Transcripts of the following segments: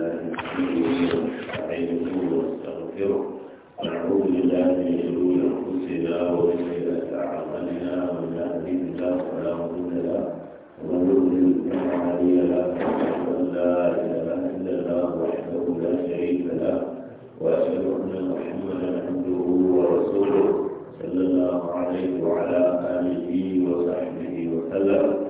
بالله ونستعينه ونستغفره ونعوذ بالله من شرور انفسنا وسيئات اعمالنا من يهده الله فلا مضل له ومن يضلل فلا هادي لا اله الا الله وحده لا شريك له واشهد ان محمدا عبده ورسوله صلى الله عليه وعلى اله وصحبه وسلم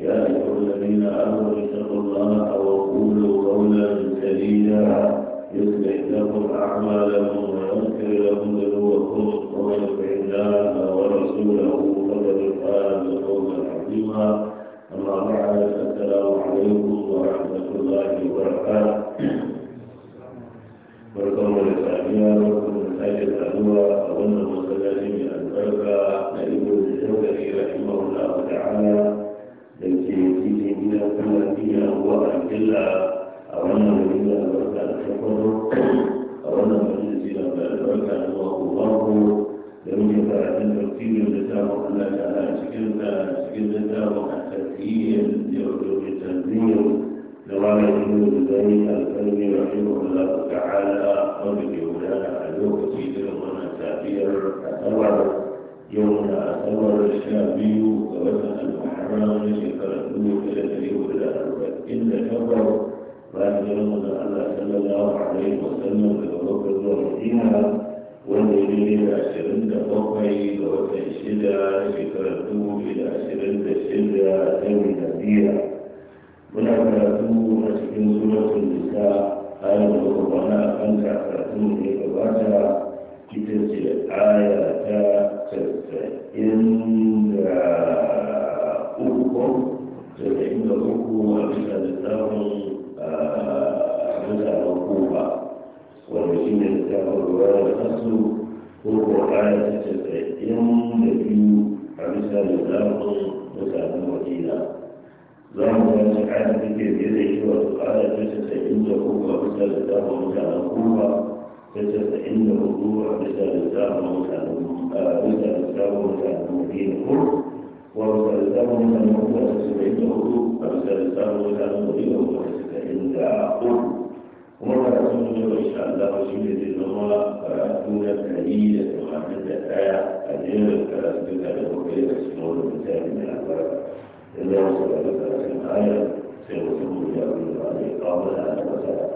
يا أيها الذين آمنوا اتقوا الله وقولوا قولا سديدا يصلح لكم أعمالكم ويغفر لكم ذنوبكم ومن يطع الله ورسوله فقد فاز فوزا عظيما أما بعد السلام عليكم ورحمة الله وبركاته barkanmu da safiya barkanmu da sake saduwa a wannan masallaci mai albarka na ibn shawkari rahimahullahu ta'ala da ke cikin gida kuma iya ruwa a killa a wannan wani da albarka da ta kwaro a wannan majalisi da albarka da zuwa kowanko da muke karatun tartibin da ta wakala da ala cikin ta cikin da ta wakala tartiyyar da wakilin tanziyar da wani yin da zai alkalmi rahimu Allah ta'ala wanda ke gudana a lokaci irin wannan tafiyar a tsawar يوم أصبر الشعبي ووزن المحرم شكرا له ثلاثة إلى أربعة إن كبر بعد يوم صلى الله عليه وسلم لغرب الله فيها والدليل عشرين بقي ووزن شدة شكرا له إلى عشرين شدة ثمن بيها ونعرفه مسكين سورة النساء آية القرآن أنت عرفتم في ita ce aya ta casa'in da uku casa'in da uku a bisa da littafin mutanen kufa wanda shi ne littafin ruwa da kasu uku ko aya ta casa'in da biyu a bisa da littafin mutanen madina za mu ga ta aya ke biyar da yake wasu aya ta casa'in da uku a bisa da littafin mutanen kufa yace fa inna wudu'a bisa lisanin mutanen bisa lisanin mutanen madina ko wa bisa lisanin mutanen madina ta suka yi da hudu a bisa lisanin mutanen madina ko ta suka yi da hudu kuma karatun da yau insha Allah shi ne zai zama karatu na ɗari da tamanin da ɗaya a jerin karatu da da muka yi a cikin wani misali mai albarka idan wasu da karatun ayar sai wasu mutum ya rubuta ne kawo da ana masara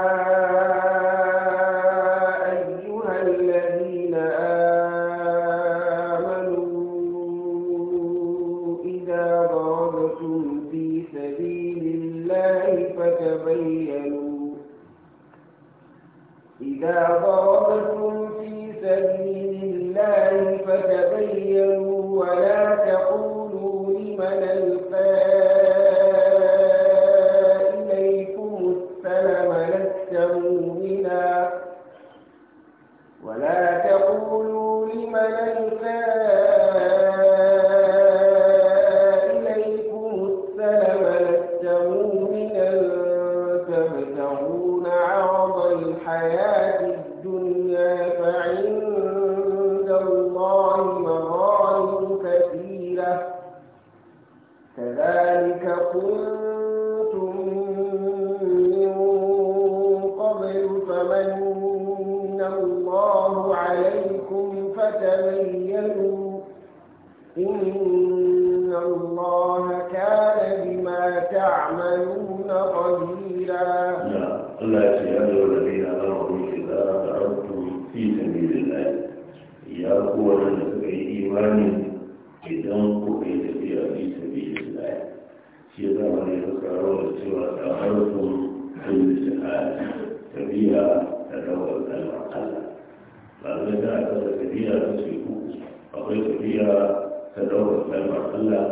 tafiya ta ɗaukar kalmar Allah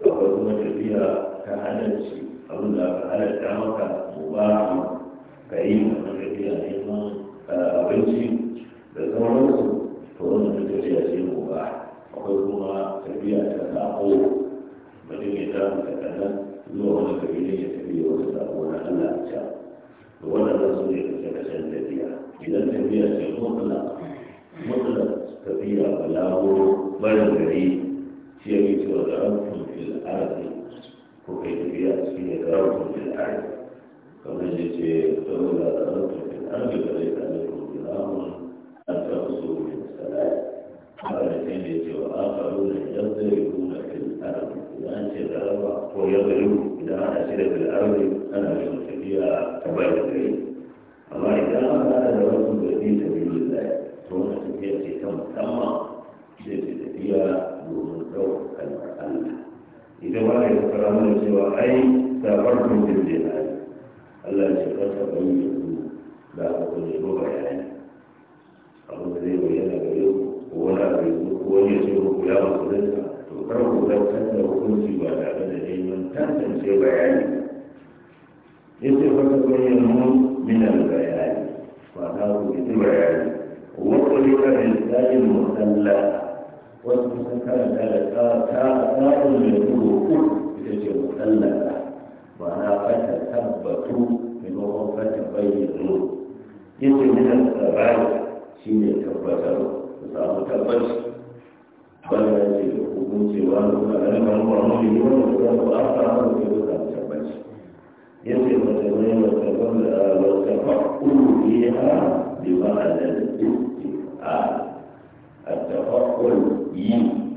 akwai kuma tafiya ta halarci abin da aka halarta maka mu mu ka yi wannan tafiya neman eh, abinci da sauransu to wannan tafiya ce ba akwai kuma tafiya ta sako mutum ya samu ta kanan zuwa wani kabilin ya tafi ya wani sako na Allah a can to wannan su ne kashe tafiya idan tafiya ce Allah mutlaq tafiya balaguro barin gari shi ya fi cewa da rankun fil arzi ko kai tafiya shi ne da rankun fil arzi kamar da ce saboda da rankun fil arzi ba zai ta ne kuma jiramun an ta su min salai haka da sai ne cewa aka nuna yadda ya nuna fil arzi idan ce da raba ko ya gari idan ana shi da fil arzi ana yin tafiya ta barin gari amma idan aka da rankun da zai tafi da kuma wani tafiya ce ta musamman ce ce tafiya domin kawo kalmar Allah idan wani ya fara mana cewa ai sabar kundin jihadi Allah ya ce kasa bayyana da aka ku nemi bayani abu da zai bayyana gare yau ko wani abu ya zo ko wani ya ce muku ya musulunta to kar ku zartar da hukunci ba tare da neman tantance bayani yace wata bayyana mun min al-bayani ba ta ku bayani وقلت بالتالي المثلى وسكر ذلك كائن يدور إلى المثلى وأنا فتثبتوا من وهم فتبينوا إن من الثبات شيء يتبتر فصار تبتر ولا يجب حكم سواه ولا يمر مؤمن ولا أخر يجب يجب أن يتفقه فيها بمعنى الدين التفقل من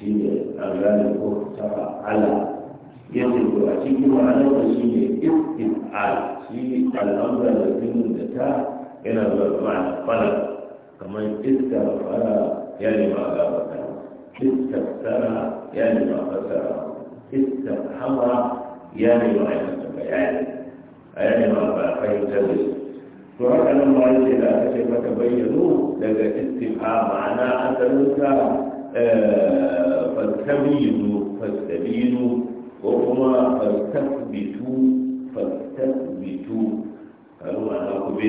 سيدي الغالب ترى على يجب أتيكم على وسيلة إفعال في الأمر الذي ذكر إلى معنى قلب كما استغفر يعني ما غاب استغفر يعني ما خسر استفحر يعني ما عمل بيان يعني ما فهمت به to haka nan ma yake da aka ce maka bayyano daga istifa ma'ana asalinka fastabinu fastabinu ko kuma fastabbitu fastabbitu har ma'ana ku bi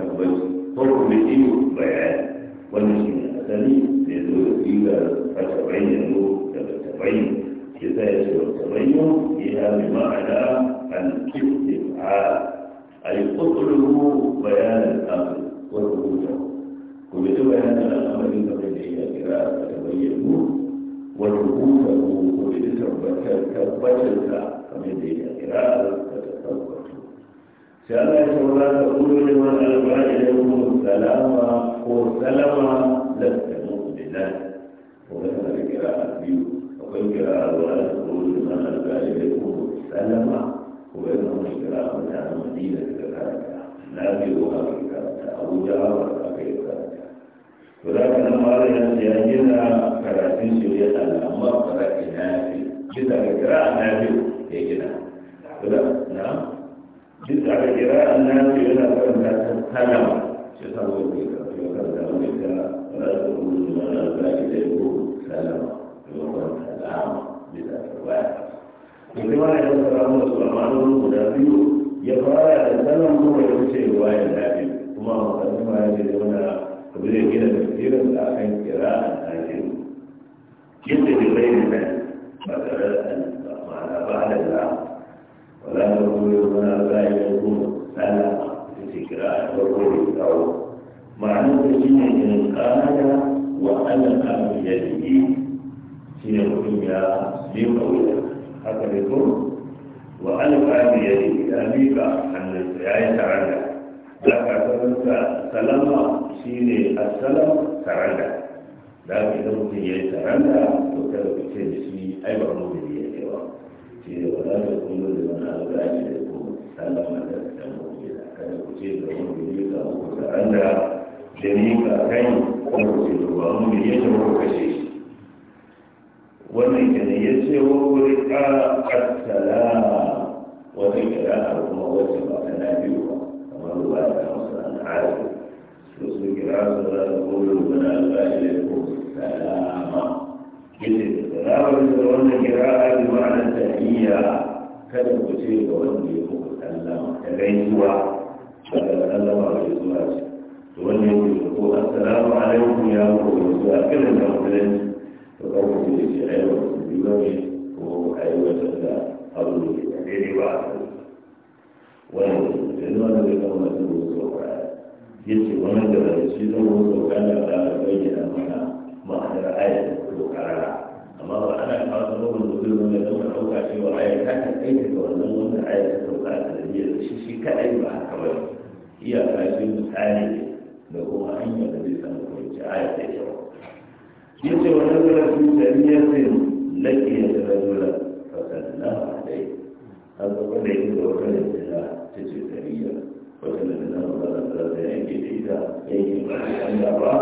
tabbaci ko ku bi bayani wannan shi ne asali da ya zo da sigar fatabayyano daga tabayyin ya sa ya ce wa tabayyin ya ma'ana al-istifa'al أي اطلبوا بيان الأمر والوجوه ومثل بيان الأمر فقد قراءة تبينه والوجوه ومثل تبتلك فقد قراءة تتبت سأل الله تقول لمن ألقى إليكم السلام وسلم لست مؤمنا ومثل القراءة بيو وقد قراءة ولا تقول لمن ألقى إليكم السلام وإنهم اشتراه من أهل المدينة كذلك نافعها الأمر كراسي نافع جدا كراء نافع نعم جدا كراء نافع إلى فرنسا سلام شتاوي بك تقول ولا ذاك يقول سلام يقول riwaya da ta ramu su a ma'anonin guda biyu ya fara da sanan kuma ya wuce riwaya da biyu kuma a matsayin ma ya ce da wani abu zai gina tafsirin da akan kira a tashi yadda da bai da nan ba tare da ma'ana ba da za wala da kuma ya zama za a yi kuma sana da ce kira a farko da kawo ma'anar da shi ne in kana wa ana kan yadda shi ne mutum ya yi kawai haka ne ko wa alfa bi yadi da mika hannun sa yayi taranda da ka taranda salama shine assalam taranda da ka idan mutum yayi taranda to kada ku ce da shi ai ba mu ne ya ce ba shi ne wala da kullu da wani abu da ake da ko salama da da mu ne kada ku ce da mu ne ka ku taranda da ni mika kai ko ku ce ba mu ne ya ce ko kashe shi ومن يسره رحاق السلام وذكر أرضه وسبع نبيه ومن الله نصر العالم وذكر أرضه قلوبنا الغالب السلام كذلك السلام وذكرون قراءة بمعنى تحية كذلك كتير وذكر السلام كبيسوا فقد سلم على الزواج يقول السلام عليكم يا رب الزواج كذلك to kan ku ne a da abu ne da daidai ba wani da nuna da kan wani da wasu wani da wani shi zan wasu kwaya da ba amma ba ana kawo sabon ta wanda ta a sanadiyar shi shi ba ba misali da kuma hanyar da zai samu kwanci ayar ta kyau yace wa nazara fi sariyatin laqiya rajula fa sallallahu alaihi haka wanda yake da wata rajula ta ce sariya wata da na ba da ta yanke da ita yanke ba Allah ba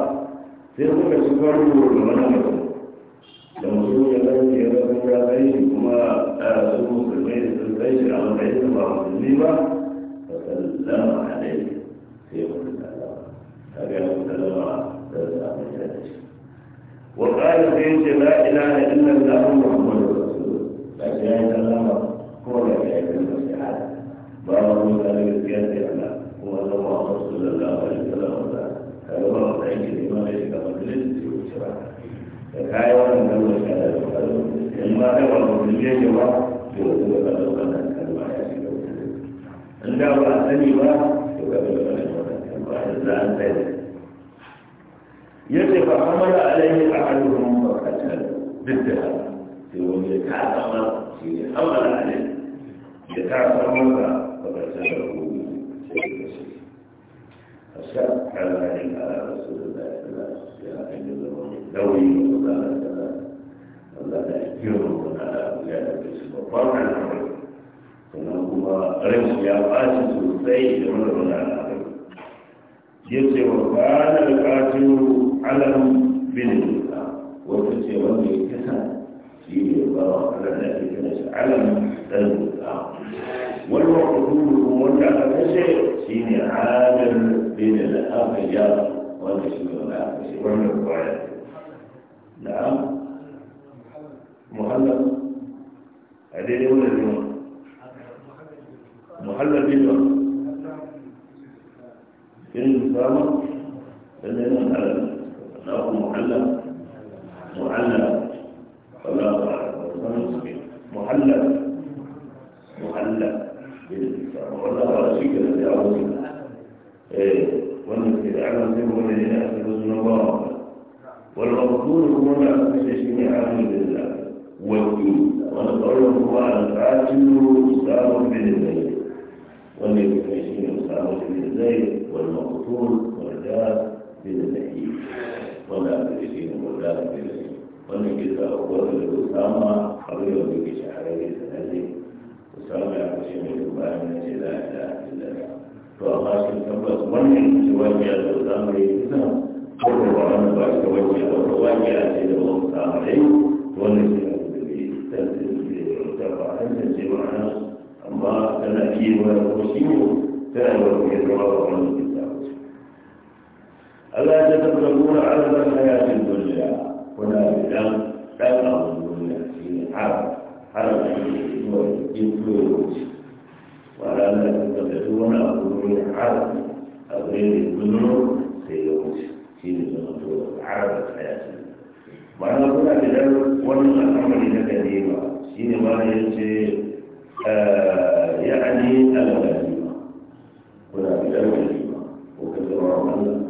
sai kuka ci karo da wani mutum da mutum ya gani ya ga kuma ya gani kuma su musulmai da sun kai shi a matsayin ba musulmi ba fa sallallahu alaihi sai wata salama ta ga wata salama da وقال زيد لا إله إلا الله محمد رسول الله لا إله إلا الله هو لا إله إلا الله بارك الله على زيادة الله هو الله رسول الله عليه الصلاة والسلام هذا هو الرأي الإمام إذا مجلس يوسف فكاي وانا نقول لك هذا هو إما هو المجلس هو يوسف هذا هو كلمة عند الله سني ما يوسف هذا هو كلمة عند الله سني يجب عمل عليه alaihi المنطقة fa يقول didda sai wani ya kasa ma shi ne hamala alaihi عليه على رسول الله صلى الله عليه وسلم يا أيها الذين دوي الله الله على أولاد الاسم وفرع الأمر فنهما رمس يا قاسم سلطي يمر على الأمر يسر وكان القاتل علم بالنسبة وتسي ومي في سيدي الله على ذلك كنس علم بالنسبة والمقدور هو الذي نسي سيدي عالم بين الأخيار ونسي الأخيار والمقاعد نعم محلل هذه الأولى اليوم محلل بن في المسامة لأنه علم هناك معلق معلق فلا معلق معلق معلق على شيء الذي أعوذ والمسجد الأعلى سبب الذين أحسنوا الله والمغفور هو ما أحسن شيء عامل لله والدين والقول هو العاجل مستعار من الليل والذي يحسن مستعار من الليل والمغفور والجاه من الليل wanda aka da shi ne ko da aka da shi wannan kisa a kowane da usama abu da wanda ke shahararre da sanarre usama ya kashe mai duba ya na ce la ilaha illallah to amma shi tabbas wannan cewa ya da usama ya kisa ko da wannan ba shi wani ya wata wani ya ce da wani usama dai wannan shi ne da bai tantance da ba a tantance ma'ana amma tana kiwon ko shi ne tana da wani ya zama ba wani kisa ألا تتبلغون على الحياة الدنيا هنا بدم تلقى الدنيا في حرب حرب والإنفلونس ولا تتبلغون من حرب أو غير الذنوب سيوس في الذنوب حرب الحياة وأنا أقول لك الآن وأنا أعمل لك ديما سينما يجي آه، يعني الغنيمة ولا بالغنيمة وكثر الله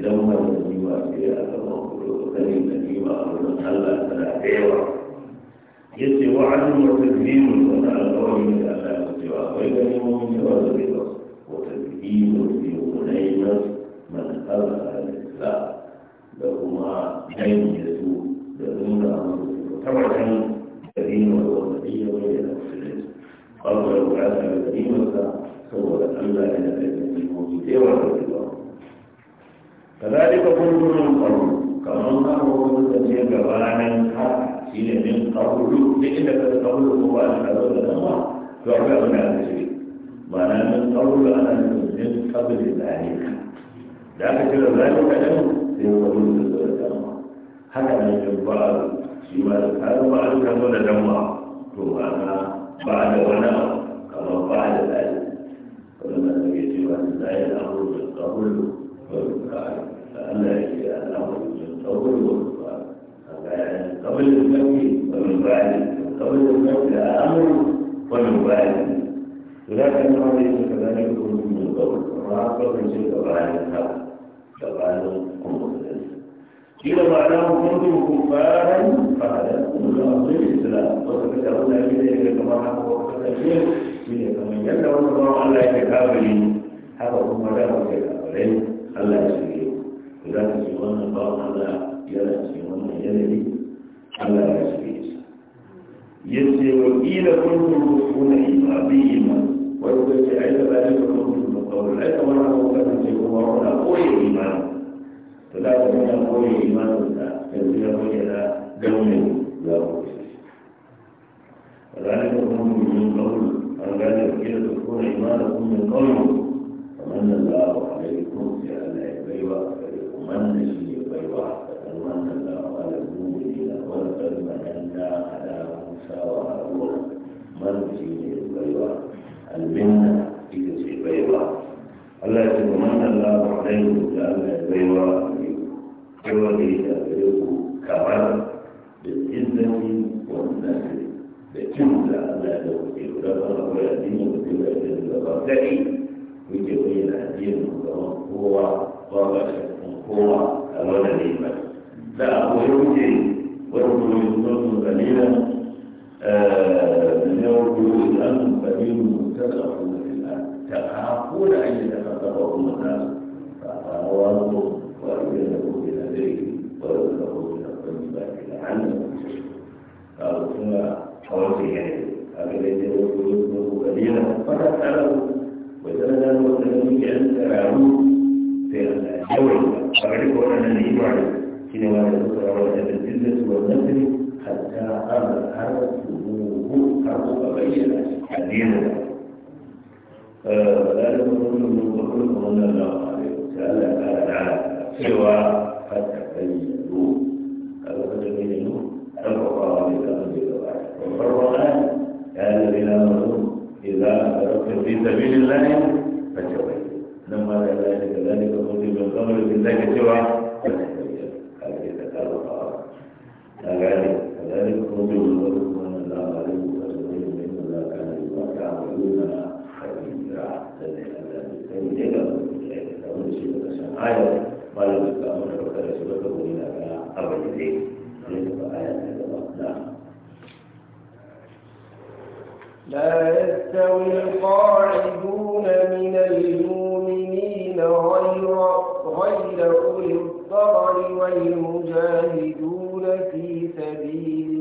إذا ما هو الجميع في أكرم الجميع من الله فلا دعوة يسي وعد وتكريم وتعالى قوم من الله سوى ويكرم من جواز الرضا وتكريم في غنيمة من أظهر الإسلام لهما عين يسوع لهما طبعا الذين والنبي وإلى المسلمين قالوا لو عاد الذين ثم أما إلى المسلمين كذلك كنتم من قبل كما قالوا الذين جبانا حين من قبل لئن قبل هو الحذر الأمر فعلا من هذا الشيء وأنا من قبل أنا من قبل ذلك ذلك كذا ذلك كلام في قبل الأمر حتى من shi ba da بعد ba an ثم أنا بعد to كما بعد ذلك da wani abu kamar والمبالي لكن ليس كذلك كل من القول الرابع ليس كذلك كذلك قمت قيل معناه كنتم كفارا فهلكتم الى اصل الاسلام وتذكرون اليه كما حقق التكفير من كمن يدعو الله الا يتكابلين هذا هم لا يتكابلين الا يسيرون لذلك سيرون الله الا يرى سيرون يدري الا يسيرون yace wa ila kuntum tusuna ibadina wa yace aida zalika kuntum qawl aida wa ana mukan ce kuma wala koyi imani to da ka mun koyi imani da yanzu ya koyi da gaune ya koyi وذلك كنتم من قول أن قال وكيل تكون إيمانكم من قول فمن الله عليكم في أن يبيع فليكمن شيئا من شيء البيوة المنة شيء البيوة الله يتمنى الله عليكم جعل البيوة بيوة يتابعكم كمال بالعزة والنسل بكم لألا لو تقدر ويأتينا بكل أجل الباطل ويجوين أدين هو قال هو الولد لا أقول ويقول قليلا آه، من يقول الأمن فإن متدعون إلى تعافون أن يتخطفهم الناس فأعوانهم وأبينهم إلى ذلك ويرزقهم من الطيبات لعلهم قالوا ثم حوالي يعني أبيت يقولون قليلا فتسألوا وتنزل وتنزل أن ترعوا في الجوع فأعرف أن الإيمان كنما يذكر وجد الجنة والنسل حتى أمر هذا وهو بين حديثا فلا يكون المنظرون صلى الله عليه وسلم على سوى حتى تبينوا هذا تبينوا الفقراء للأمر الواحد والقرآن يا بلا مظلوم إذا تركتم في سبيل الله فتبينوا لما ذلك ذلك كتب القمر بالله سوى فتبينوا هذه تكالب كذلك كتب القمر آية لا يستوي القاعدون من المؤمنين غير غير أولي الضرر والمجاهدون في سبيل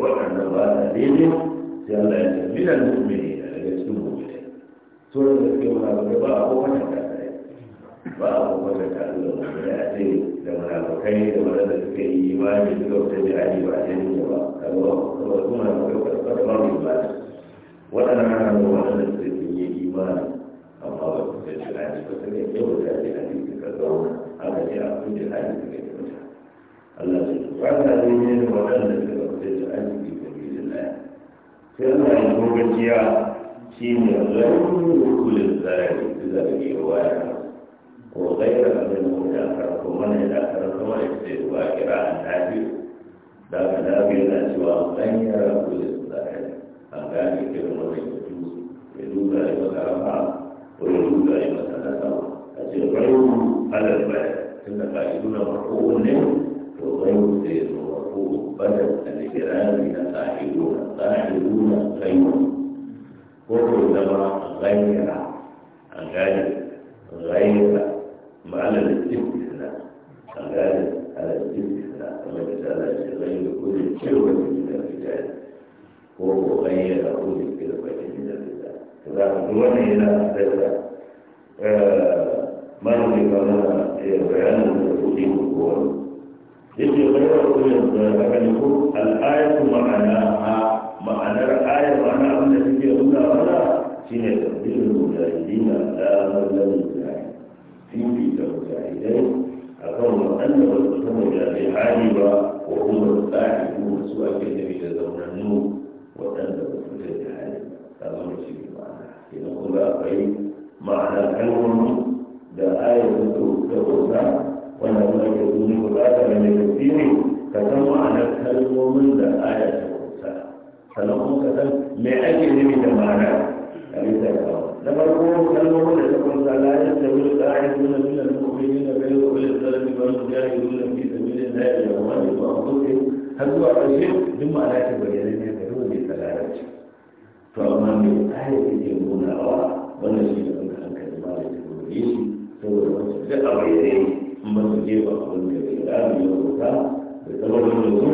waɗanda ba na daidai sai Allah ya ce minal mu'mini a daga cikin mu'mini to da suke munafukai ba a kowane tare ba a kowane tare da mu'mini a ce da munafukai da waɗanda suka yi imani suka fita jihadi ba a daidai ba kaga ba su munafukai ba su ba mu imani waɗannan ana da suka yi imani amma ba su fita jihadi ba suka yi kyau da jihadi suka zauna aka ce a fita jihadi suka yi kyau الذي فعل يعني من وكلف ومن الاخر كما يصير واقرا عن نافع ذاك نافع لا سوى غير كل الزاري أغاني كلمة يجوز يجوز أن يترفع ويجوز أن يتناسب على البلد إن قائدنا مرحوم وغير وقوف بدت الكرام ساحلون ساحلون خير وكلما غير غير غير معنى الاستثناء غير على الاستثناء كما تعالى غير كل شيء من الرجال هو غير كل شيء من الرجال كذا آه، هو هنا غير ما نقول بيان الوجود yake bayar da kalifu al'ayatu ma'anaha ma'anar ayar ma'ana abin da suke nuna mana shi ne tabbirin mujahidin na ɗarar mujahidai fifi da mujahidai a kan waɗanda ba su san mujahidai ba ko kuma tsari ko su ake nufi da zaunannu waɗanda ba su san da hali ta zama shi ne ma'ana kenan kuma akwai ma'ana kalmomi da ayar da su ta wanda kuma ke duni bukata da mai tafsiri ka san ma'anar kalmomin da aya ta kusa sannan kuma ka san me ake nufi da ma'ana a bisa kawo na farko kalmomin da ta kusa la ya tabi da ƙa'ayi suna nuna mu'mini na bai da ulil zalimi ba su ya yi nuna fi da milin na yi da wani ba a kusa har zuwa ƙarshe duk ma'ana ta bayyana ne ga duk wani tsalaranci to amma me aya take nunawa wannan shi ne ɗaukar hankali ma da ta gobe shi saboda wancan duk a bayyane in ba su je ba abin da ke da mu ya rubuta da sabon yanzu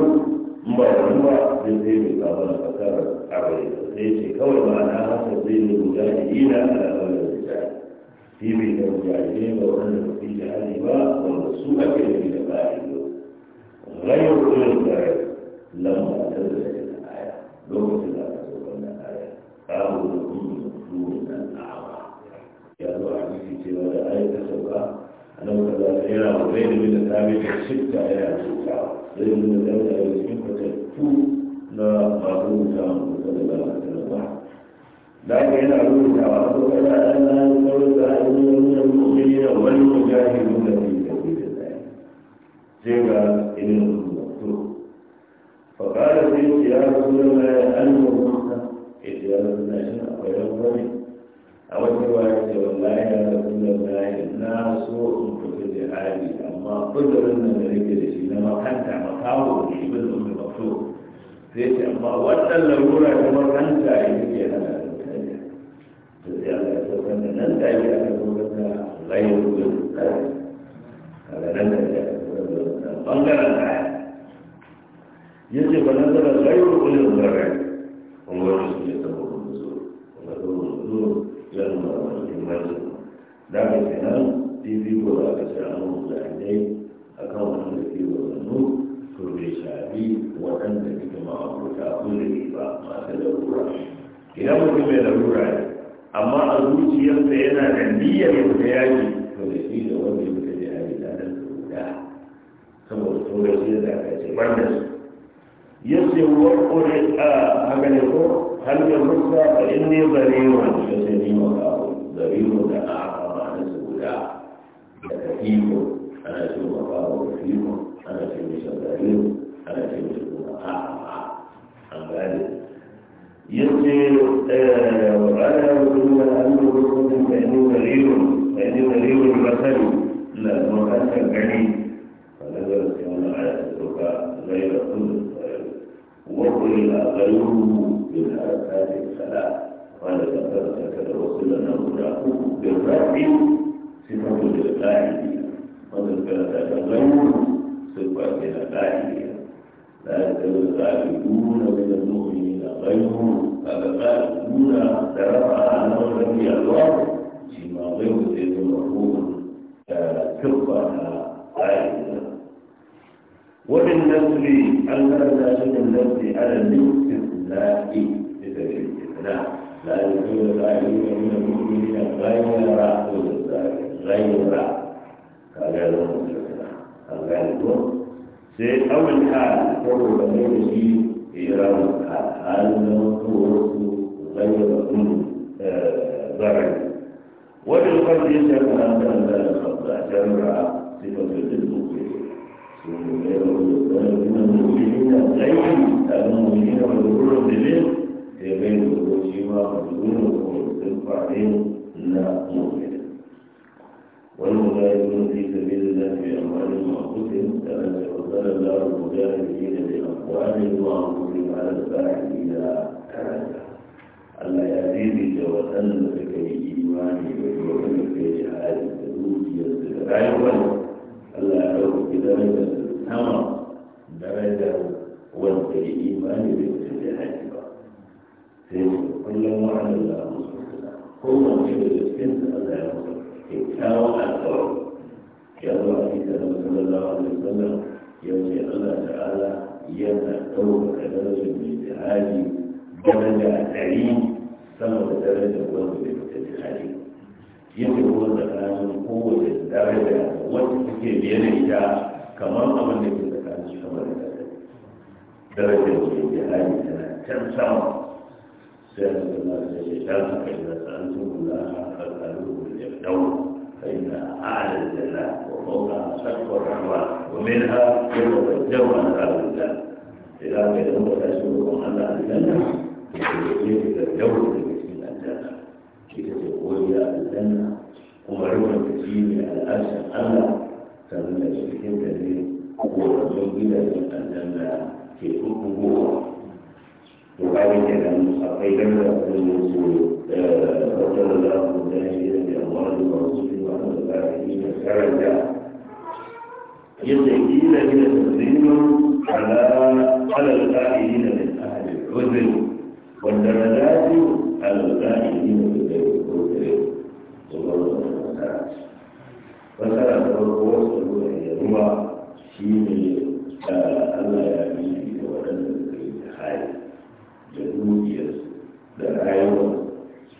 in ba wani ba zai zai mai sabon a kasar abai sai ce kawai ba na haka zai yi guda da ina a lalata da ta fi mai da mujahidai ba wanda ba su jihadi ba wanda su ake yi da bayan yau rayar kullum da rai lamba ta da aya lokacin da aka zo wannan aya babu da kuma mutum da awa ya zo a cikin cewa da aya ta sauka annabi sallallahu alaihi wasallam yana zai da da tabi da shirka yana tuka zai da da da cikin kwatattu na masu mutanen sallallahu alaihi wasallam da aka yana rubuta wa ko kada an na sauran da an yi wani mu'mini da wani mujahidu da ke da ke da zai sai ga irin mutu fakara sai ya rasu da yi an yi mutu ya rasu da shi akwai wani a wata wani ce wallahi ya rasu da wallahi na so in fito jihadi amma kudurin nan da nake da shi na makanta makawo da ibn umar mafso sai ce amma wannan larura ta makanta ya nake hana da mutane to sai Allah ya saukar da nan da ya aka saukar da rayuwar gudun kare kaga nan da ya aka saukar da bangaren kaya yace ba nan da rayuwar gudun kare kuma wani su ne saboda musu kuma saboda musu ya nuna wani muhimmanci da ka ce nan bibiyo da aka ce an musu zaɓe a kan wani da ke wazannu to bai shafi waɗanda suke da uzuri ba masu larura idan mutum mai larura ne amma a zuciyarsa yana da niyyar ya fita yaƙi to da shi da wanda ya fita yaƙi da nan guda saboda tsoron shi da aka ce ban da su yace wa ƙure a haka ne ko هل يمسى فإني بريء فإني مكاو بريء ده أعظم عن السبلاء كثيف أنا في مكاو كثيف أنا في ضرير أنا في مسبلاء أعظم عن ذلك يرجي آه، وعلى اقول أنه يكون فإني ضرير فإني ضرير المثل لا المكان البعيد فنزلت يوم على السبلاء غير كل وقل غيره من هذه الصلاة وأنا ذكرت كذا وكلنا هناك بالرب صفة للقاعدة وذكرت الغيب صفة للقاعدة لا يزال الغالبون من المؤمنين غيرهم قال فالغالبون ترفع عنه الذي الله فيما غير سيد مرحوم تبقى قاعدة وبالنسبة أن هذا من على النفس اللائي لتجريد السلام لا يزول العليم من المؤمنين غير غير قال له الغالب سي أول حال قرر بين شيء إيران الحال حال نقول غير آه، ضرر وبالقلب يشهد أن هذا الخطأ جمع صفة للمؤمن من المسلمين غير المؤمنين والدخول المسلمين لغير الوجيمة والدخول والصدق عليهم لا مؤمن والمجاهدون في سبيل الله بأموالهم وأنفسهم كما فضل الله المجاهدين بأموالهم وأنفسهم على الباحثين كذا Allah ya daidaita waɗanda suka yi imani da waɗanda suka yi jihadi da dukiyar da rayuwar Allah ya darajar wanda ya imani bai wuce da haji ba sai mu kullum wa'anin da musu ko wani da cikin da Allah ya musu kyakkyawan alƙawari ya zo a cikin da sallallahu alaihi wasallam ya ce Allah ta'ala yana ɗaukaka darajar mai jihadi daraja ɗari sama da darajar wanda bai wuce da haji yake ruwan tsakanin kowace daraja wacce take biye da ita kamar abin da ke ta ci kamar da darajar ke jihari tana can sama sai a suna da shi ta أعلى الجنة وفوقها سقف الرحمن ومنها يتوجه هذا الجنة إذا كان هو عن الجنة يتوجه الجنة كيف الجنة ومعلومة كثير على أسف أن فمن kowace gidajen aljanna ke kukuwa to kawai kenan akwai ganda da su wata da za mu da shi da amma da ba su fi wani da za su yi da karanta yadda kila gida da zinu ala alalƙa'ili na da ahli uzur wanda da zafi alalƙa'ili na da zai kukuwa da wani da wani da wani da wani da wani da wani da wani da wani shi ne Allah ya bibi da waɗanda suka yi da hali da dukiyarsu da rayuwar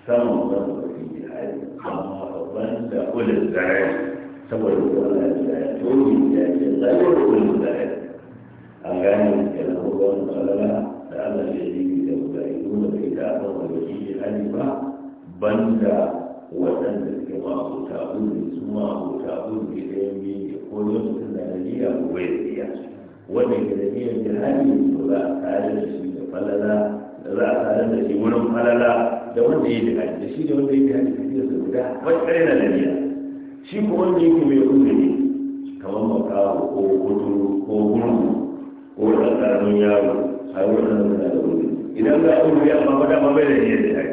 samun wanda suka yi da hali amma babban da ulin zarai saboda wanda ya ya tobi ya ce zaiwar ulin zarai an gane da na hukar matsala da Allah ya bibi da mutane nuna bai da abin wanda shi ne hali ba banda waɗanda suke ma'abuta ulin su ma'abuta ulin da ya bibi ko lokacin da gajiya ko bai gajiya wannan ke da niyyar jihadi to za a kare da shi da falala da za a kare da shi wurin falala da wanda ya yi da shi da wanda ya yi da biyar da guda wani kare na niyya shi ko wanda yake mai uzuri kamar makawa ko kuturu ko gurgu ko ɗan ƙaramin yaro har wannan da uzuri idan za a uzuri amma ba dama bai da niyyar jihadi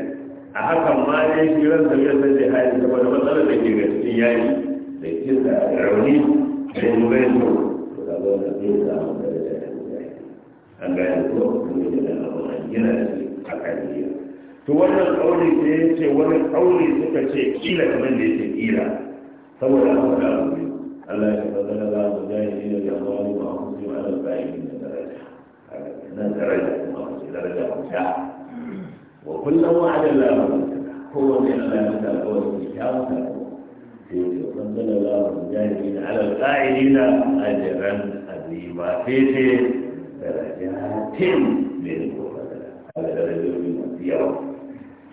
a hakan ma dai shi ransa bai san da jihadi saboda matsalar da ke ga cikin yayi da kisa da rauni to wannan ƙauri da ya ce wani ƙauri suka ce kila kamar da ya ce kila saboda an faɗa abu ne Allah ya faɗa da za mu jaye ne da jama'a ne ba ku ji ana bayi da daraja na daraja kuma ku ce daraja ku sha wa kullum wa'ada Allah ko wani Allah ya faɗa da wani kyawun وقدم المجاهدين على القاعدين أجرا عظيما فيه درجات منه هذا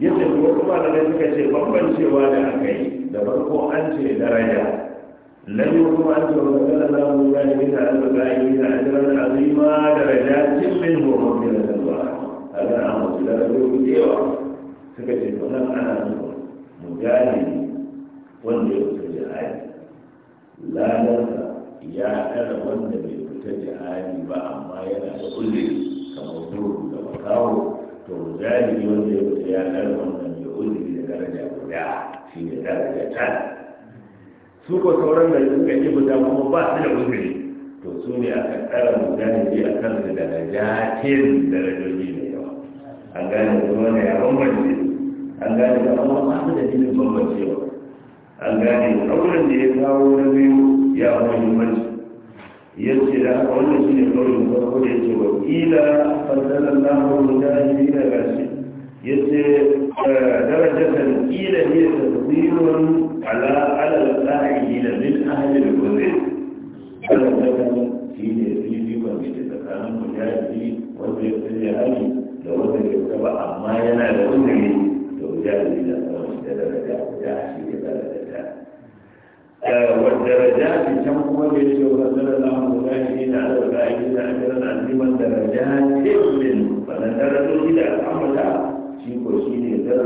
yadda kuma kuma da suka ce bambancewa da aka yi da farko an ce daraja na biyu kuma an ce wata kala za mu gani bisa an ga gani da ajiyar azima daraja cin min horon da ta ba. a ga an wasu da yawa suka ce to nan ana nufin mu wanda ya fita jihadi lalata ya ɗara wanda bai fita jihadi ba amma yana da kulle, kamar duru da makawo to jahili wanda ya fita ya ɗara wanda ya uzuri da daraja guda shi ne daraja ta su ko sauran da suka yi fita kuma ba su da uzuri to su ne aka ɗara mujahidi a kansu da darajatin darajoji mai yawa an gane kuma ne ya bambance an gane kuma ba su da jini bambancewa an gane kauran da ya kawo na biyu ya muhimmanci ya ce da haka wannan shi ne kauran farko da ya ce wa ƙila fasalar lahun mujahidi na gashi ya ce darajatar ƙila ne tasirun ala alal tsari da min ahalin gobe darajatar shi ne fifikon da ke tsakanin mujahidi wanda ya tsaye hali da wanda ya taba amma yana da wanda ne da mujahidi na tsawon da daraja ya shi ne daraja والدرجات daraja هو الذي وزل الله مجاهدين على الباعثين اجرا عظيما درجات da mai jihadi ke sama da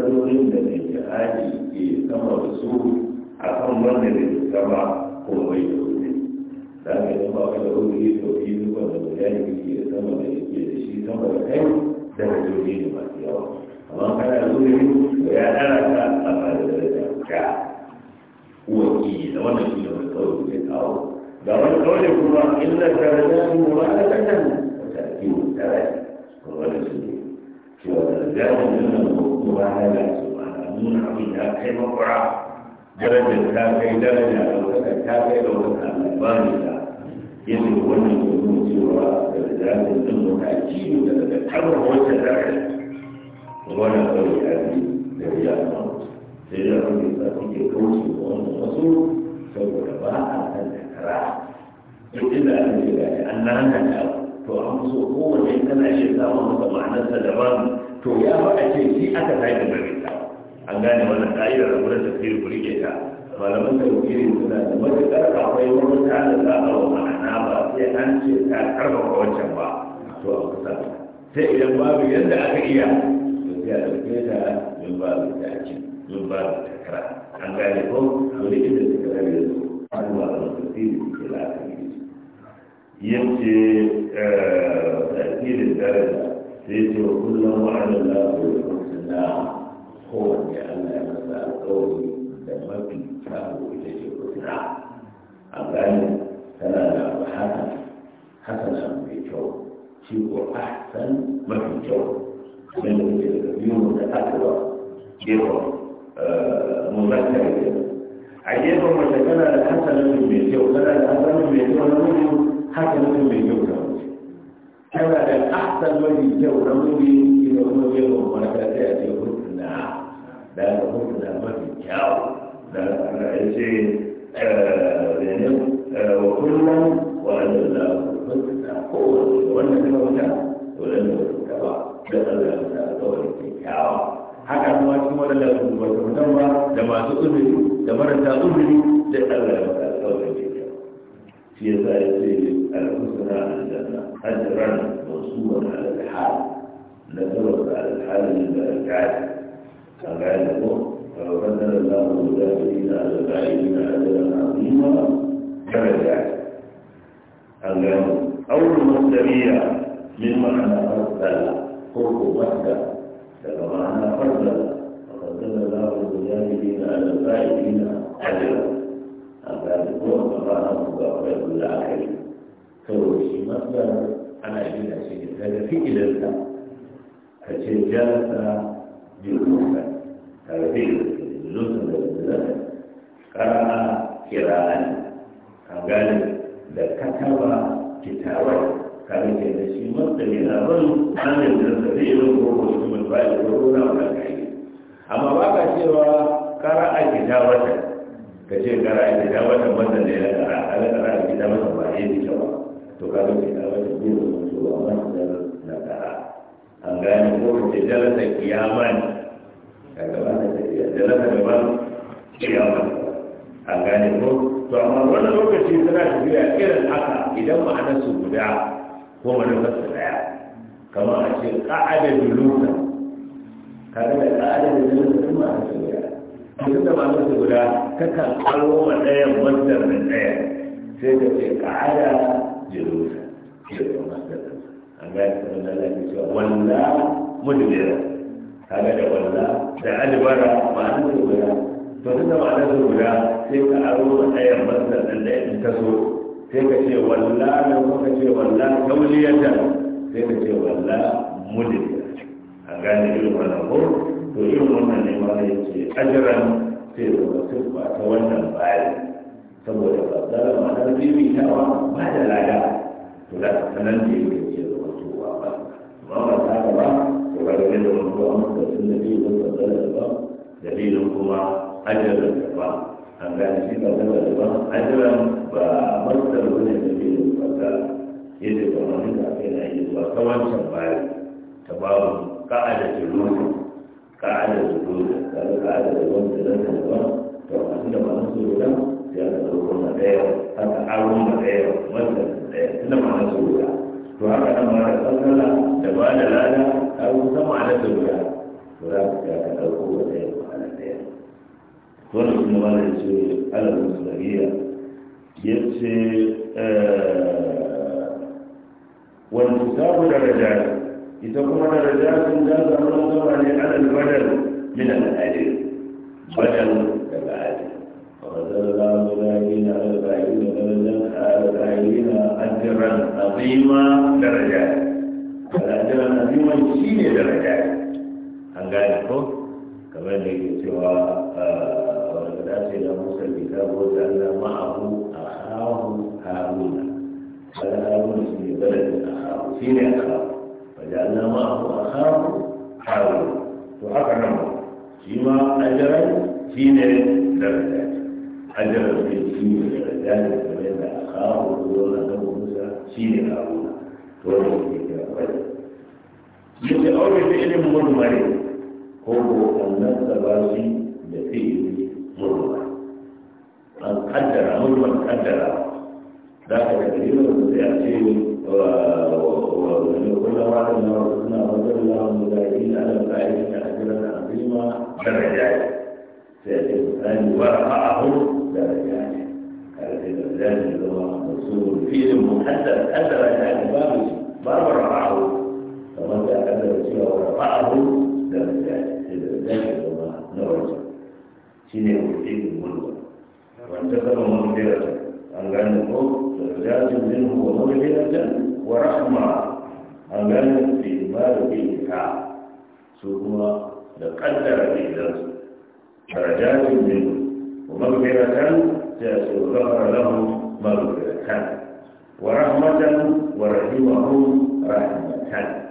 su a kan wanda da ke sama ko mai da wuri da ka yi ba ka da wuri to fi zuwa da mujahidi ke sama da ke da shi sama da kai darajoji ne masu yawa amma kana zuwa da ya dara a da da wannan shi ne wani kawai da kawo ga wani kawai kuma illa tarayya su ma da kanan wata kiwo tarayya ko wani su ne cewa da zama nuna kuma da su ma na nuna abin da kai makwara darajar ta kai daraja da wata ta kai da wata albani ta yadda wannan ke nuna cewa da zama nuna wata kiwo da daga tabbata wata daraja wani kawai ya ne da ya zama sai da abin da kuke kauce wa wannan wasu saboda ba a san takara duk inda aka ce ga shi an nan ka ta to an so kowanne tana shi samun masa ma'anarsa daban to ya faɗa ce shi aka sake bari an gane wannan ƙa'idar a wurin tafiyar ku rike ta malaman tafiyar suna da matuƙar akwai wani tana da a wa ma'ana ba sai an ce ta ƙarfafa wancan ba to a kusa sai idan babu yadda aka iya to sai a ɗauke ta min babu ta ce من باب التكرار عن ذلك وليس التكرار يزول هو التفسير الى يمشي تأثير الدرجة يجي وكل وعد الله بالحسنى هو لأن مساء قوي لما في كتابه إليه الحسنى أقل ثلاثة وحسن حسنة في جو شيء أحسن ما في جو من الكثير من الأقوى مذكر عجيب mace tana da hasanin mai kyau tana da hasanin mai kyau na mutu hasanin mai kyau na mutu tana da ahsan mai kyau na mutu ita kuma zai ba mata ta yace hutuna da ga hutuna mafi kyau da ya ce zanen wa kullum wa alalla hutuna kowane wanda ta mutu to da ba da Allah ta kawai kyakkyawa haka kuma cikin waɗanda su ba su mutum ba da masu uzuri da marasa uzuri da Allah ya faɗa alƙawarin jinka shi ya sa ya ce alhusna aljanna ajran mawsuwan ala alhal nasarar alhal da alhal an gane ko فبدل الله المجاهدين على البعيدين اجرا عظيما درجات اليوم او المستميه ممن انا قد قرب مكه فمعنى فضلا وقدمنا له الله المجاهدين على الفائزين اجرا اما تكون مقامه باقي الاخر فوشي مصدر انا الى شيء هذا في الى الله فشيء جالس بالكفر هذا في الجزء من قرأ قراءة قال ذكر كتابا kare ke da shi masta ne na barin hannun da ta zai yi ko ko shi mai bayi ko ko na wani kai amma ba ka cewa kara a gida wata ka ce kara a gida wata wanda ne ya kara a kara a gida wata ba ya yi ba to ka ga gida wata ne da mutu ba da na kara an gane ko ka ce jalasa kiyama ne ka gaba da tafiya jalasa gaban kiyama an gane ko to amma wani lokaci suna tafiya irin haka idan ma'anar su guda ko wani wasu daya kamar a ce ƙa'adar dulusa kaga da ƙa'adar dulusa sun masu su guda duk da masu su guda ta kan karo ma ɗaya masdar da ɗaya sai ka ce ka'ada dulusa ke da masdar da an ga yadda sun lalata cewa wanda mudubira kada da wanda da adibara ba su guda to duk da ma'anar da guda sai ka aro ma ɗaya masdar da ɗaya in ta so sai ka ce walla da kuka ce walla kauliyatan sai ka ce walla mudin an gane irin wannan ko to irin wannan ne ma ya ce ajiran sai da wasu ba ta wannan bayan saboda ba za a ma ta wa ba da lada to da sanan da yake ce da wasu wa ba amma ba ta ka ba to ba da yadda wani ko an da sun da biyu ba da ba dalilin kuma ajiran da ba an gane shi ba da ba ajiran ba da ya ce ba wani da aka yana yi zuwa ta wancan baya ta babu ka'ada ta rosa ka'ada ta rosa ta ga ka'ada ta wanda zan ta zama to masu da masu su rosa sai aka zauko na ɗaya haka aron na ɗaya wanda ɗaya da masu su rosa to haka nan ma da tsakala da ba da lada ta rosa ma'ana ta rosa to za ka ga ka ɗauko wa ɗaya na ɗaya wannan kuma ma da ce alal musulmiya yace wal hisabu darajat ita kuma darajatun da za mu zama ne alal badal min al ajr badal daga ajr وبدل الله الذين على البعيد درجات على البعيد أجرا عظيما درجات الأجر العظيم شيء درجات أنقذكم كما يقول سوى آه، ولقد آتينا موسى الكتاب وجعلنا معه أخاه هارون قال هارون في بلد أخاه فين أخاه فجعلنا معه أخاه هارون وحق نمر فيما أجرا فين درجات أجرا فين درجات فبين أخاه ودون أبو موسى فين هارون تورث في كتابه يتأول في علم مضمرين هو أن نسبه في القدرة ملك القدرة ذاك كثير سيأتي وكل واحد من رسلنا رسل الله المجاهدين على الفائزين أجرا عظيما درجات سيأتي الثاني ورفعهم درجات ذلك هو رسول فيه محدد قدر يعني باب باب رفعه فمن قدر فيه ورفعه درجات ذلك هو نورجه شنو يقول الملك واعتذر مغفرة أن غنوا درجات منه ومغفرة ورحمة أن غنوا في مال بإنفاع ثم لقدر في ذلك درجات منه ومغفرة تأتي غفر لهم مغفرة ورحمة ورحمهم رحمة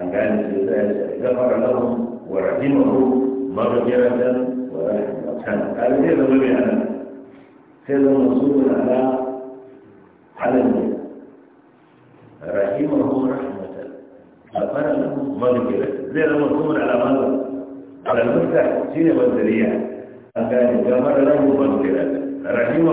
أن غنوا غفر لهم ورحمهم مغفرة ورحمة هذا هي سيدنا منصوب على على الناس رحمه رحمة غفر لهم مغفرة زي منصوب على ماذا؟ على المفتاح سين والذريع أكان غفر له مغفرة رحمه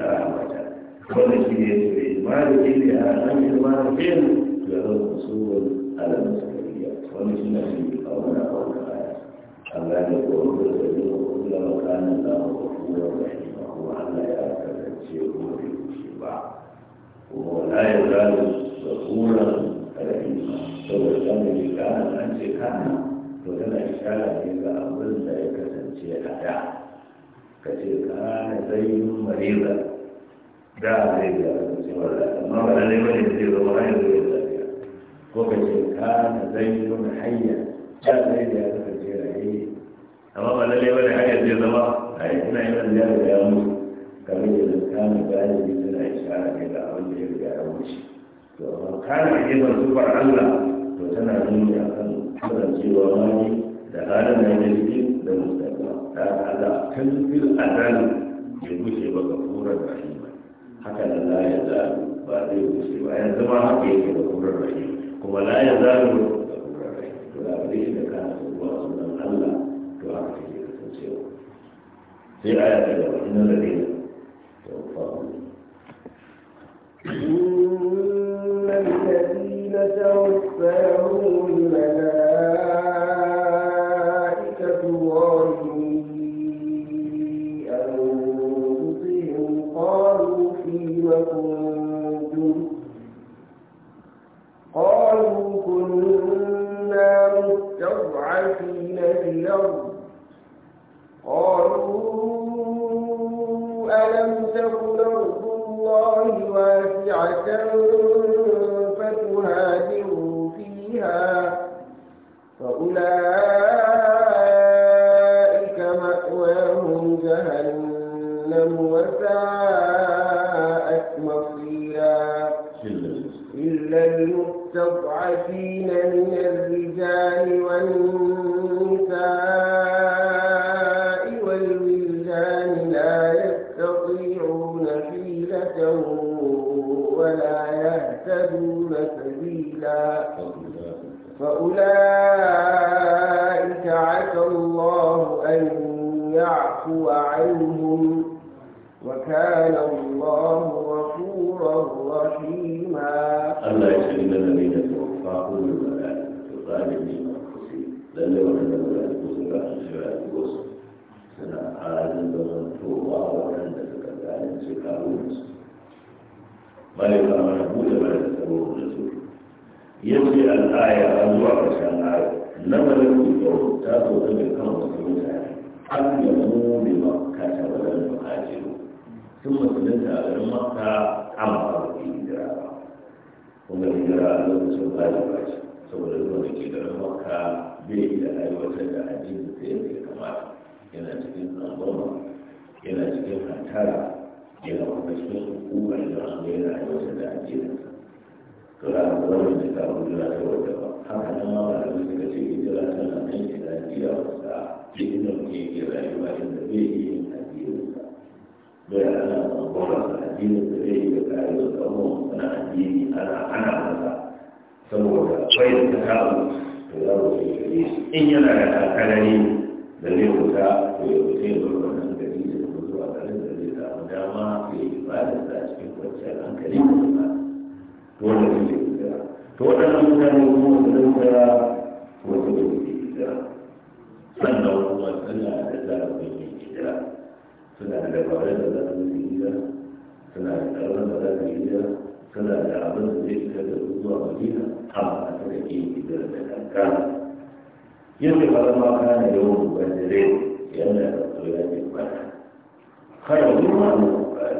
رحمة كل شيء يسوي مالك إلا أن ما فين يظل منصوب على المسكرية كل شيء نفسي أولا أولا أولا أولا أولا أولا أولا أولا أولا أولا أولا أولا أولا رحيم Allah ya kasance wurin shi ba kuma la ya zalu sahuran rahima saboda samun shikara an ce kana to tana shikara ne ga abin da ya kasance a da ka ce kana zainun mariza da zai ga kasance wala amma ba lalle bane da zai zama hanyar zai lafiya ko ka ce kana zainun hayya da zai ga kasance raye amma ba lalle bane hanyar zai zama a yi ina yi zai ga ya mutu kamar da kana galibi tana ishara ne ga abin da ya riga ya wuce to amma kana ajiban zubar Allah to tana nuni a kan cewa wani da halin da ya fi da mustafa ta Allah kan fil adali ya wuce ba ga furar rahima haka da la ya zalu ba zai wuce ba ya zama haka yake da furar rahima kuma la ya zalu da furar rahima to da abin da kana zuwa sunan Allah to haka take kasancewa sai aya ta gaba inna ladina إن الذين توفاهم الملائكة ظالمي أنفسهم قالوا فيم كنتم قالوا كنا مستضعفين في الأرض قالوا فتهاجروا فيها فأولئك مأواهم جهنم وساءت مصيرا إلا المستضعفين من الرجال والنساء فأولئك عسى الله أن يعفو عنهم وكان yana cikin tsangwama yana cikin hantara yana kuma cikin hukuma idan an ga yana aiwatar da ajiyar to da aka zama da ta abu jira ta wadda ba haka nan ma ba da suka ce hijira tana nan ina jiya wasa cikin da mutum yake rayuwa inda zai iya yin ajiyarsa bai ana tsangwama da ajiyarsa zai iya kare da tsawon na ajiyar ana ana masa saboda bai da ta abu to za mu ce in yana da takarari da wuta da ya wuce ya bar wannan gari da kuma zuwa garin da zai samu dama ya yi ibada da cikin kwanciyar hankali da kuma to wannan zai wuta to waɗannan mutane kuma da wuta wasu da wuce hijira sannan kuma suna da zarafin yin hijira suna da dabarun da za su yi hijira suna da ƙarfin da za su yi hijira suna da abin da zai fitar da zuwa madina amma suna yin hijira da kankara yadda ba ma kana yawan bandare yana da tsoya ne kwana kada yi ma da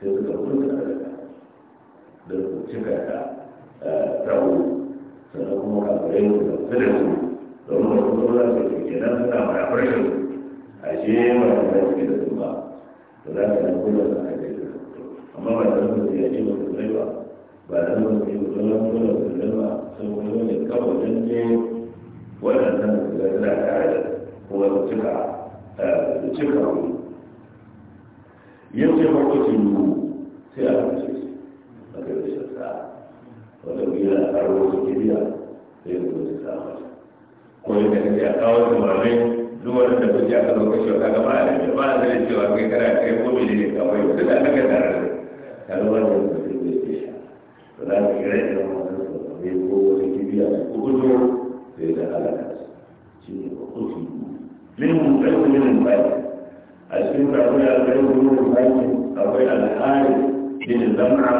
sai suka kunta daga da su cika da tsawo eh, sannan kuma kafirai su da su da su domin da kuma za su ke kenan suna mara farshen a shi ma da za su da su ba da za ka nan kuma da ake da su amma ba da su ya ce ba su ba ba da su ya ce ba su ba sun kuma ne kawai don ne wannan nan da suna tare da kuma su cika eh, su cika wuri yau ce farko su yi sai a kace su a kai da shakka wanda biya a karo su kiriya sai su zo ta samu ko yi da kake a kawo su marai duk wani da kuke aka zo kashe ka gaba da ba da ne cewa kai kana kai ko mene ne kawai su da aka tare da ka zama da wani da ke shi to za ka kira ita wani ko wani kiriya ko kuma sai da halaka shi ne ba ko shi minhum qawl minhum qawl a cikin karɓar da alƙalar minhum qawl akwai al'ari bin zam'a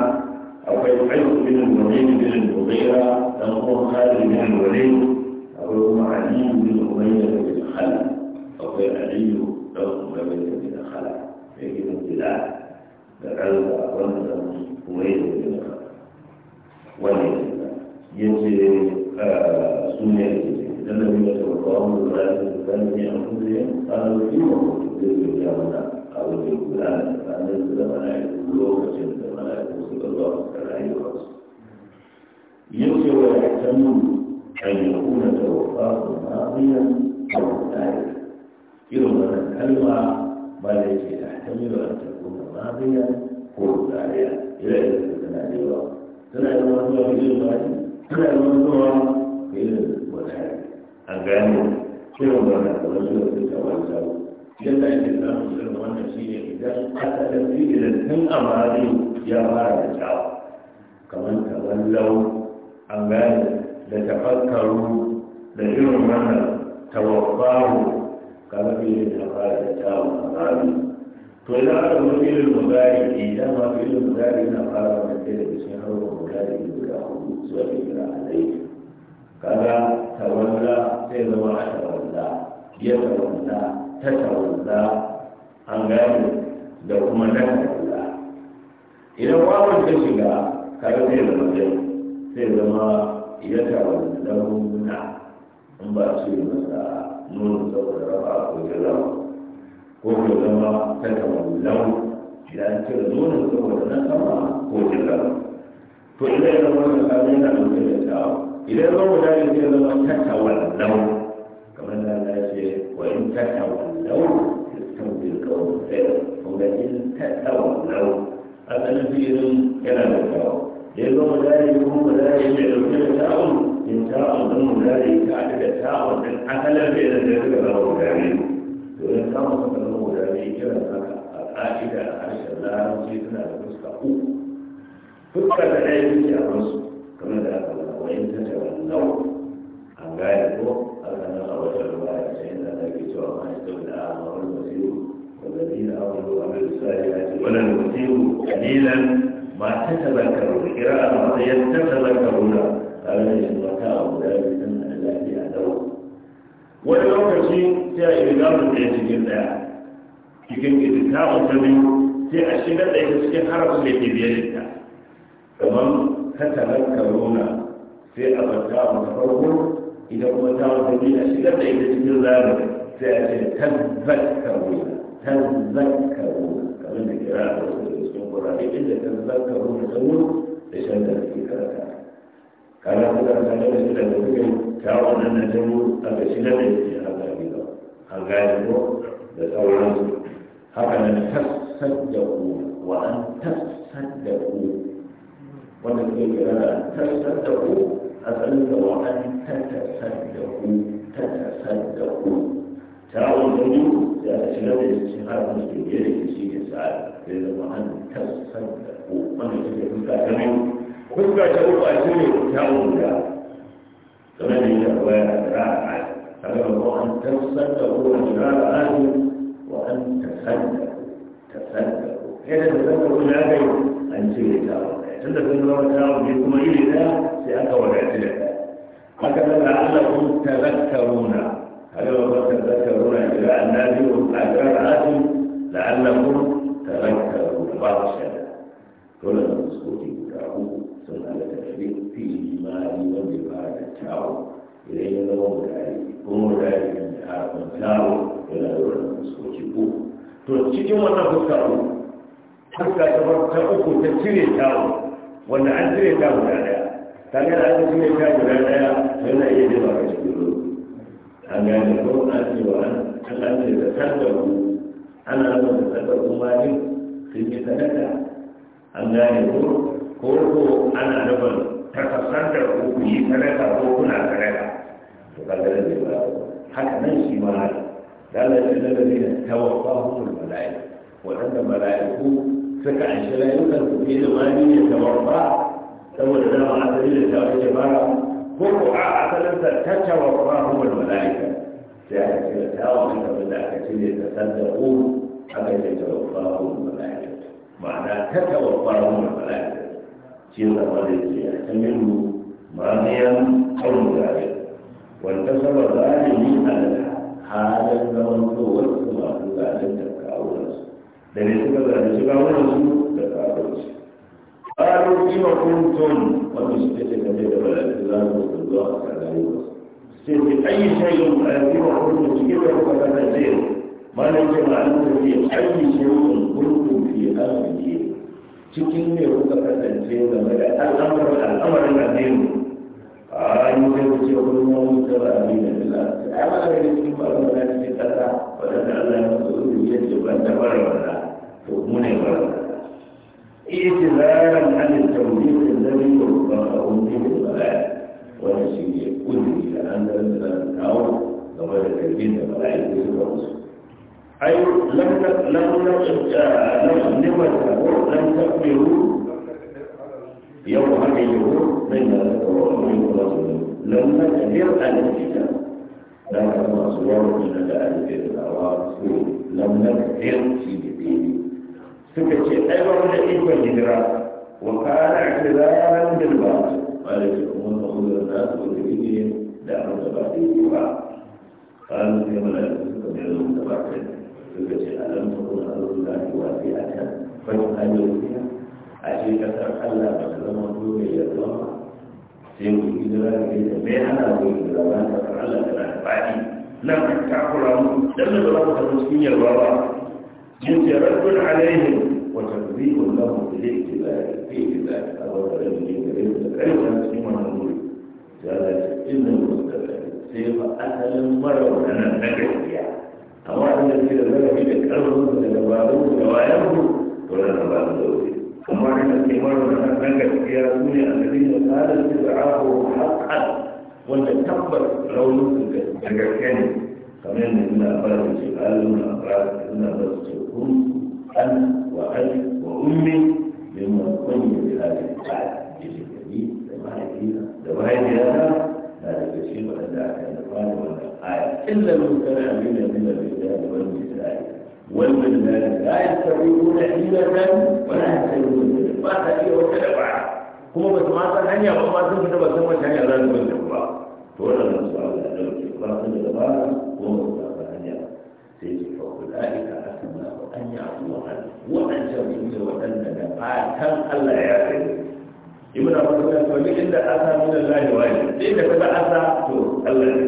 akwai qawl bin al-walid bin al-mughira dan kuma khalid bin al-walid akwai kuma ali bin umayya bin khalid akwai ali dan umayya bin khalid sai gidan bilal da kalba wannan umayya bin khalid wannan yace sune da da da da da da da da da da da da da a wuce guda da tsakanin da mana yi lokacin da mana yi kusa da zuwa ta rayuwa su yau ce wa ya tanu a yi kuna da wafa ko mafiya a wuta ya irin wani kalma ba da ke a tanuwa ta kuna mafiya ko wuta ya irin da tana yi wa tana yi wa zuwa yi zuwa yi tana yi wa zuwa للولاية أغاني كيف مرة الرجل يتولى yadda ake samun irin wannan shi ne idan aka tafi idan tun amari ya fara da kyawu kamar tawallau an gane da tafakkaru da irin wannan tawaffaru kamar fiye da fara da kyawu amari to idan aka zo irin mugari idan ma irin mugari na fara da kai da cikin harkar mugari guda hudu zuwa da kira alaikum kaga tawalla sai zama a tawalla ya tawalla ta tawalla an gane da kuma na tawalla idan wawon ta shiga kaga sai zama sai sai zama ya tawalla na in ba su yi masa nuna saboda raba ko jirawa ko ko zama ta tawalla idan ce nuna saboda na sama ko jirawa to idan ya zama na kaga yana da tawo idan zo mu dai zai zama tatawallau kamar da Allah ya ce wa in tatawallau yastawbil qawm khayr kun ga in tatawallau asalin fi'ilin yana da tawo ya zo mu dai kuma mu dai ya dauke da tawon in tawon din mu dai ka da tawon din asalin da suka zama mu dai to in tawon suka zama mu dai kiran haka a ka'ida a harshen larabci suna da fuska uku fuska da ɗaya ce a بالسائلات ولن يؤثروا قليلا ما تتذكروا القراءة ماذا يتذكرون قال لي شركاء ذلك أن لا في أدوة ولو كشي سائل قام بيتك الله كيكين كتاب سمين سي أشياء ليس سي حرف التي بيدك فمن تتذكرون في أبتاب الفرقل إذا كنت تتذكرون أشياء ليس سي حرف التي بيدك تذكرون تذكرون za ka da cikin kurare inda ka zaka rufe sauro da shan da ke karata kana kuma da shi da kuma na jamu a ga shi na da yake a gari ba a gari ko da sauransu haka nan tasaddaku wa an wanda ke kira da tasaddaku asalin da wa an tasaddaku tasaddaku تاء الوجود تأتي الاستحقاق بالجد في سعادة لأنه أن تصدق من يجب أن تكون كنت تقول أجل تاء الوجود كما يجب أن تراعى فله أن تصدقوا أجرار أهل وأن تصدقوا تصدقوا إذا تصدقوا لا بد أن تجد تدخل الله تعالى بكم إلى سيأتى ولا هكذا لعلكم تذكرون هل وتذكرون إلى النادي والأجر عادي لعلكم تذكرون بارشا كل المسكوت كعبو سنة التشريك في الإيمان وبفاعل التعاون إليه لو مدعي ومدعي من هذا التعاون إلى دور المسكوت to cikin wannan fuskar fuska ta ta uku ta cire tawo wanda an cire ta guda daya ta ga da an cire ta guda daya to yana iya jefa ka cikin ruwa a gane ko na cewa an ne da tattabu ana nuna da ma mali sun yi sadaka an gane ko ko ko ana nufin takasar da ku yi sadaka ko kuna sadaka to kaga da ba haka nan shi ma da Allah ya da ne tawaffahumul malaika waɗanda mala'iku suka anshi rayukan su ne da mali ne tawarfa saboda dama asali da ta wace fara ko ko a asalinsa ta tawarwa huwar mala'ika sai aka cire tawon abin da aka cire ta sanda ko aka ce tawarwa huwar mala'ika ma'ana ta tawarwa huwar mala'ika shi zama da ke a cikin yau mamiyan kaunin zare wanda saba zalimi a da halin zamantowar su masu zalin da kawunansu da ne suka zalunci su? قالوا فيما كنتم وتشتكي كثير والاعتذار والله تعالى يوسف أي شيء أعتبره مشكلة فكان زين ما نجم أنت في أي شيء كنتم في أمره cikin ne kuka kasance game da al'amarin al'amarin addini a yi zai wuce wurin wani tsara abin da bila a yi mana da cikin malamana cikin ƙasa wadanda Allah ya musu ya ce ban da bare wanda to mu ne bare عن التوجيه الذي يرفعه به الضلال ونسي كله لأن الأمر لو يتكلم الملائكة بالرسل أي لم آه، لم لم لم تقبلوا يوم هذه اليوم من الرسل لم نقدر على الكتاب لكن ما صوروا من لم نقدر في دينه suka ce ai ba mu da ikon hijira wa kana ikraran bil ba'd wala ce kuma ba mu da nasu da kike da abin da ba ta yi ba kan sai mala suka mai zo da ba ta suka ce alam ta kuma Allah wa fi ata fa hadu fiha a ce ka san Allah ba ta zama dole ya zama sai mu hijira da kai da bai hana mu hijira ba ta Allah tana da bani nan ka kula mu dan da ba ta cikin yarwa ba يتردد عليهم وتقريب لهم بالاعتبار في اعتبار هذا الذي يجب عليهم في منظور قالت إن المستقبل سيبقى اهل مرة وأنا نجح أما أن الذين ذهبوا إلى الأرض يتبادلوا روايتهم ولا نبادلوا أما أن الثمار وأنا نجح يا سوري الذين قالوا استضعافهم حقا وأن تقبل لو نسلك نجحتني كمان من أبار الجبال ومن أبار من أبار الجبال أن وأن وأمي لما أكون في هذه الحالة جيش الكبير لما هيكينا لما هيكينا لا تكشي ولا دعك أن أفعل ولا آية إلا من كان عمينا من الرجال والنساء والمنزل لا يستطيعون حيلة ولا يستطيعون ما تأيه وكذا بعد هم بسماعات الحنية وما تنفت بسماعات الحنية لا تنفت بسماعات الحنية ولا تنفت بسماعات الحنية goma ba ba hanya sai ce fa ulaika asma wa an ya'fu wa an wadannan su ne wadanda da fatan Allah ya kai ibn abbas ya ce duk inda asa min Allah wa ya sai da kaza asa to Allah ne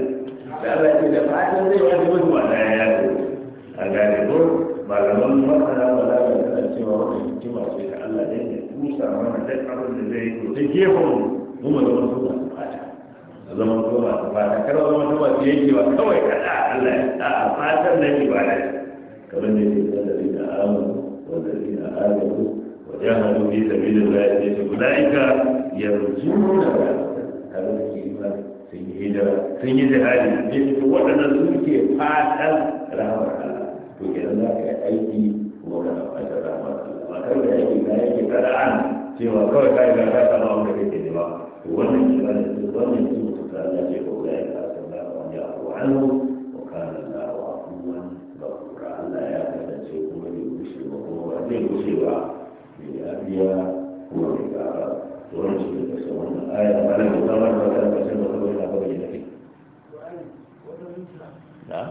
da Allah ya da fatan zai wani mutum ba ya ya a gane ko malaman masana ba za ka tana cewa wannan hikima sai ka Allah ne ya kusa mana duk abin da zai yi to ta gefen mu mu zama su zaman ko masu fata kar zama ta masu yake ba kawai ka da Allah a a fatan na ibada kamar da yake da dalil da amanu wa dalil da amanu wa jahadu fi sabilillah ya ce ulaika yarjuna kaga ke ba sun yi hijira sun yi jihadi ne to waɗannan su ke fatan rahmar Allah to kenan za ka yi aiki kuma kana fatan rahmar Allah ba kar da yake ka yake kada an cewa kawai ka riga ka samu abin da kake nema to wannan kira ne wannan subhanahu wa kana da wa kuwan bakura Allah ya kada ce kuma ne gushe ba kuma ba zai gushe ba mai lafiya kuma mai gara tsoron shi da kasa wannan aya ba ne zama da Na?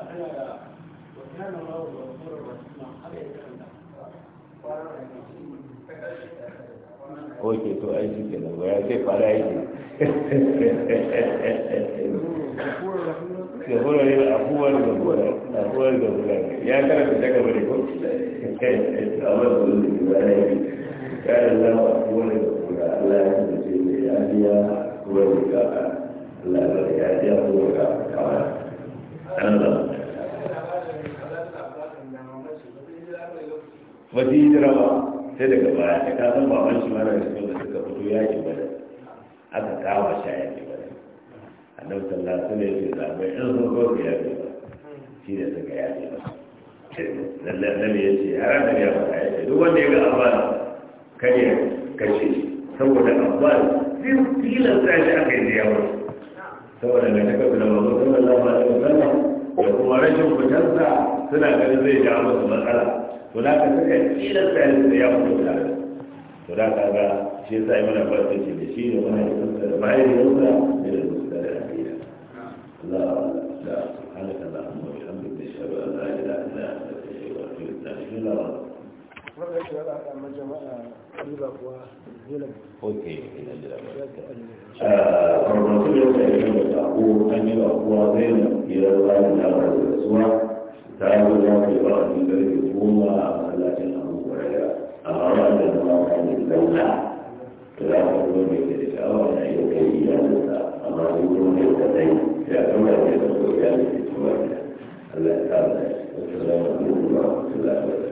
Ok, to aiki kenan, ba ya ya hulare da abuwar da da gura ya karanta ta da ya yi kayan lawa abuwar wata hijira ba sai daga baya ta kasan baban shi mara da suka fito yaƙi bada aka kawo shi a yaƙi annabi sallallahu alaihi wasallam ya ce zabai in sun zo ya ce shi ne suka ya ce lalle ya ce har annabi ya faɗa ya ce duk wanda ya ga abban kare kashe saboda abban zai tilasta shi aka yi ya mutu saboda da taka da manzo sallallahu alaihi wasallam da kuma rashin fitarsa suna ganin zai ja musu matsala to da ka suka tilasta shi ya mutu da to da ka ga shi sai mana fasici da shi da wani da bayan da da لا لا سبحانك اللهم وبحمدك نشهد ان لا اله الا انت نستغفرك ونتوب رأيت هذا ما أوكي إلى الجلب. الرسول صلى الله إلى الله تعالى والرسول في بعض البلد يقوم لكن أبو هريرة أراد أن الله أن يتولى كلام الله يقول أن يوكي إلى الله ya kuma ya